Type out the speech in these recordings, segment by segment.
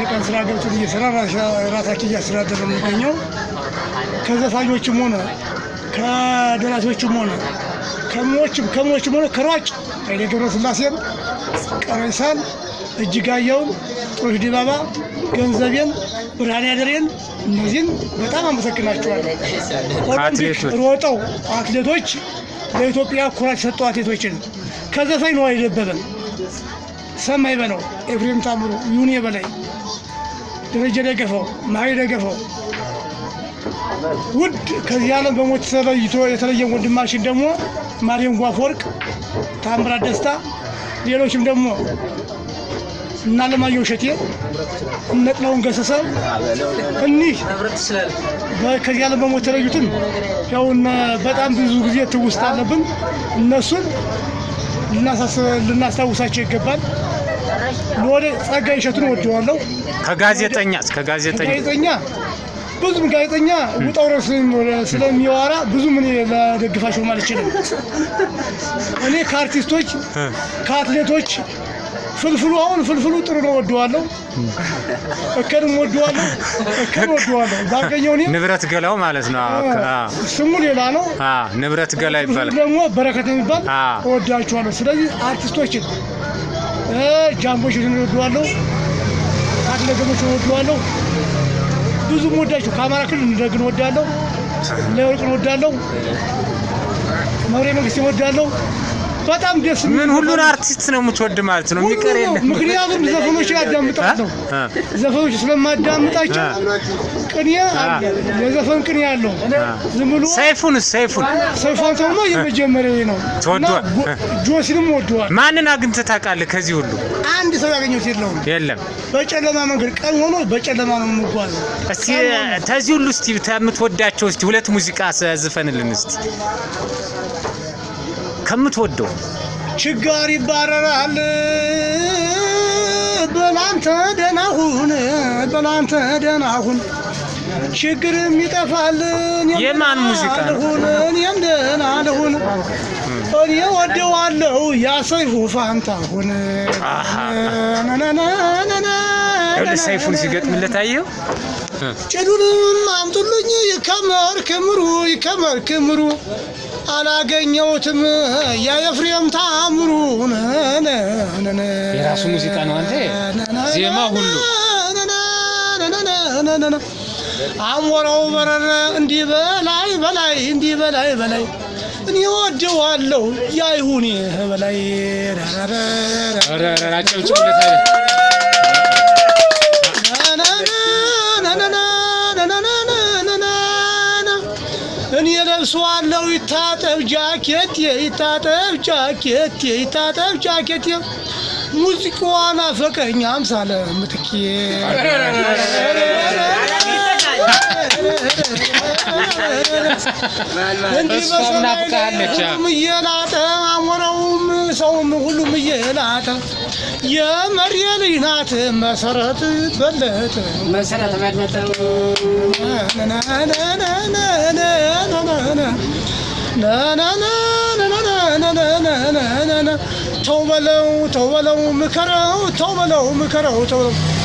የቀን ስራ ገብተን እየሰራ ራሳችን እያስተዳደር ነው የሚገኘው። ከዘፋኞችም ሆነ ከደራሲዎችም ሆነ ከሞችም ከሞችም ሆነ ከሯጭ ኃይሌ ስላሴን፣ ቀነኒሳን፣ እጅጋየውን፣ ጥሩነሽ ዲባባ፣ ገንዘቤን፣ ብርሃኔ አደሬን እነዚህን በጣም አመሰግናቸዋለሁ። ሮጠው አትሌቶች ለኢትዮጵያ ኩራት የሰጡ አትሌቶችን ከዘፋኝ ነው አይደበበን ሰማይ በለው ኤፍሬም ታምሩ፣ ይሁኔ በላይ ደረጀ ደገፈው፣ ማይ ደገፈው ውድ ከዚህ ዓለም በሞት ተለይቶ የተለየን ወንድማችን ደግሞ ማርያም ጓፈወርቅ፣ ታምራት ደስታ፣ ሌሎችም ደግሞ እና ለማየሁ እሸቴ እነ ገሰሰ እኒህ ከዚህ ዓለም በሞት ተለዩትም ያው በጣም ብዙ ጊዜ ትውስታ አለብን። እነሱን ልናስታውሳቸው ይገባል። ወደ ጸጋ እሸቱን ወደዋለሁ። ከጋዜጠኛ እስከ ጋዜጠኛ ብዙም ጋዜጠኛ ውጣ ውረድ ስለሚዋራ ብዙ ምን ለደግፋቸው ማለት ይችላል። እኔ ከአርቲስቶች ከአትሌቶች ፍልፍሉ አሁን ፍልፍሉ ጥሩ ነው፣ ወደዋለሁ። እከንም ወደዋለሁ፣ እከን ወደዋለሁ። ባገኘው እኔ ንብረት ገላው ማለት ነው። ስሙ ሌላ ነው፣ ንብረት ገላ ይባላል። ደግሞ በረከት የሚባል እወዳቸዋለሁ። ስለዚህ አርቲስቶችን ጃምቦችን እወደዋለሁ። አማራ ክልል ደግሞ ወድለዋለሁ። ብዙ ወዳችሁ ከአማራ ክልል ደግን ወዳለሁ፣ ለወርቅን ወዳለሁ፣ መብሬ መንግስት ወዳለሁ። በጣም ደስ ምን ሁሉን አርቲስት ነው የምትወድ ማለት ነው? የሚቀር የለም። ምክንያቱም ዘፈኖች ነው ዘፈኖች ስለማዳምጣቸው ቅኔ አለ፣ የዘፈን ቅኔ አለው። ዝም ብሎ ሰይፉን ሰይፉን ሰይፉን ተውሎ የመጀመሪያው ነው ተወዷል። ጆሲንም ወዷል። ማንን አግኝተህ ታውቃለህ? ከዚህ ሁሉ አንድ ሰው ያገኘሁት የለውም። የለም በጨለማ መንገድ ቀን ሆኖ በጨለማ ነው የምጓዘው። እስቲ ከዚህ ሁሉ እስቲ የምትወዳቸው እስቲ ሁለት ሙዚቃ ዘፈንልን እስቲ ከምትወደው ችጋር ይባረራል። በላንተ ደህና ሁን፣ በላንተ ደህና ሁን፣ ችግርም ይጠፋል። የማን ሙዚቃ ሁን? እኔም ደህና ልሁን፣ እኔ ወደዋለሁ። ያሰይፉ ፋንታሁን ሰይፉን ሲገጥምለት አየው። ጭዱንም አምጡልኝ፣ ይከመር ክምሩ፣ ይከመር ክምሩ አላገኘሁትም የኤፍሬም ታምሩ የራሱ ሙዚቃ ነው። አንተ ዜማ ሁሉ አሞራው በረረ እንዲህ በላይ በላይ እንዲህ በላይ በላይ እኔ ወድዋለሁ ያይሁን በላይ ለብሰዋለው ይታጠብ ጃኬት ይታጠብ ጃኬት ይታጠብ ጃኬት ሙዚቃዋን አፈቀኝ አምሳለ ምትኬ እየላጠ አሞራውም ሰውም ሁሉም እየላጠ የመሬ ልጅ ናት መሰረት በለጠ መሰረት በለጠ ተው በለው ተው በለው ምከረው ተው በለው ምከረው ተው በለው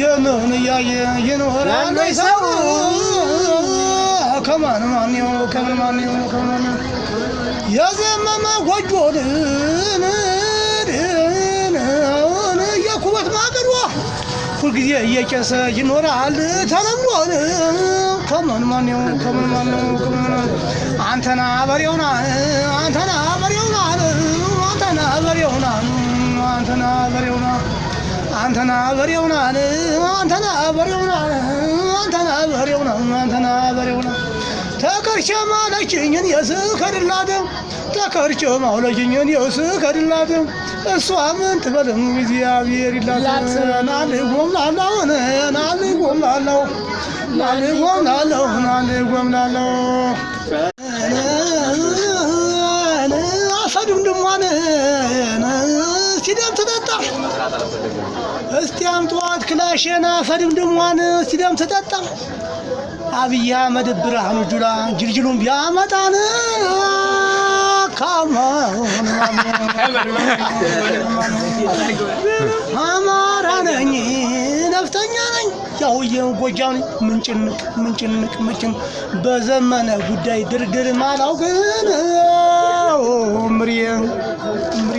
የምህን እያየ የኖረ አንዱ ሰው ከማን ማን የሆነው ከምን ማን የሆነው ከምን ማን የሆነው የዘመመ ጎጆን የኩበት ማገዶ ሁልጊዜ እየጨሰ ይኖራል ተለምዷል። ከምን ማን የሆነው ከምን ማን የሆነው ከምን ማን አንተና በሬውና አንተና በሬውና አንተና በሬውና አንተና በሬውና አንተና በሬው ነህ አንተና በሬው ነህ አንተና በሬው ነህ አንተና በሬው ነህ ተከርቸ ማለችኝን የስከድላትም ተከርቸ ማለችኝን የስከድላትም እሷ ምን ትበልም እግዚአብሔር ይላት ናልጎም ላለው ናልጎም ላለው ናልጎም ላለው እስቲ አምጧት ክላሽና ፈድምድሟን እስቲ ደም ተጠጣ አብይ አህመድ ብርሃኑ ጁላ ጅልጅሉም ያመጣን አማራ ነኝ ነኝ ያውየ ጎጃም ምንጭንቅ ምንጭንቅ ምንጭን በዘመነ ጉዳይ ድርድር ማላው ግን ምሪ ምሪ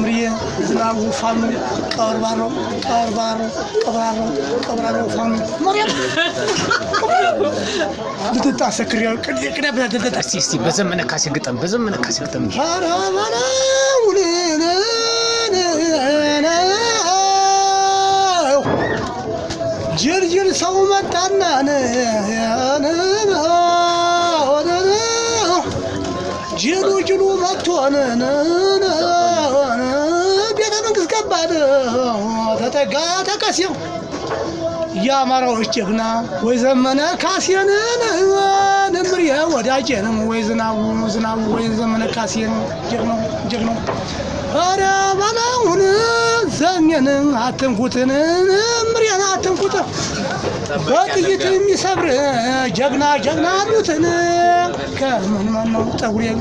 ምርየ ዝናቡ ፋሚል ቀበርባሮ ቀበርባሮ ቀብራሮ ቀብራሮ ፋሚል ማርያም ልትጣ ሰክሪያ ቅድያ ቅድያ ብላ እስቲ እስቲ በዘመነ ካሴ ግጠም በዘመነ ካሴ ግጠም ጅርጅር ሰው መጣና ጅሉ ጅሉ መጥቶን ከባድ ተጠጋ ተቀሴው የአማራዎች ጀግና ወይ ዘመነ ካሴንን ንምር ወዳጄንም ወይ ዝናቡ ዝናቡ ወይ ዘመነ ካሴን ጀግናው ጀግናው ኧረ በላሁን ዘሜንን አትንኩትን ምሬን አትንኩት በጥይት የሚሰብር ጀግና ጀግና አሉትን ከምን መነው ጠጉሬ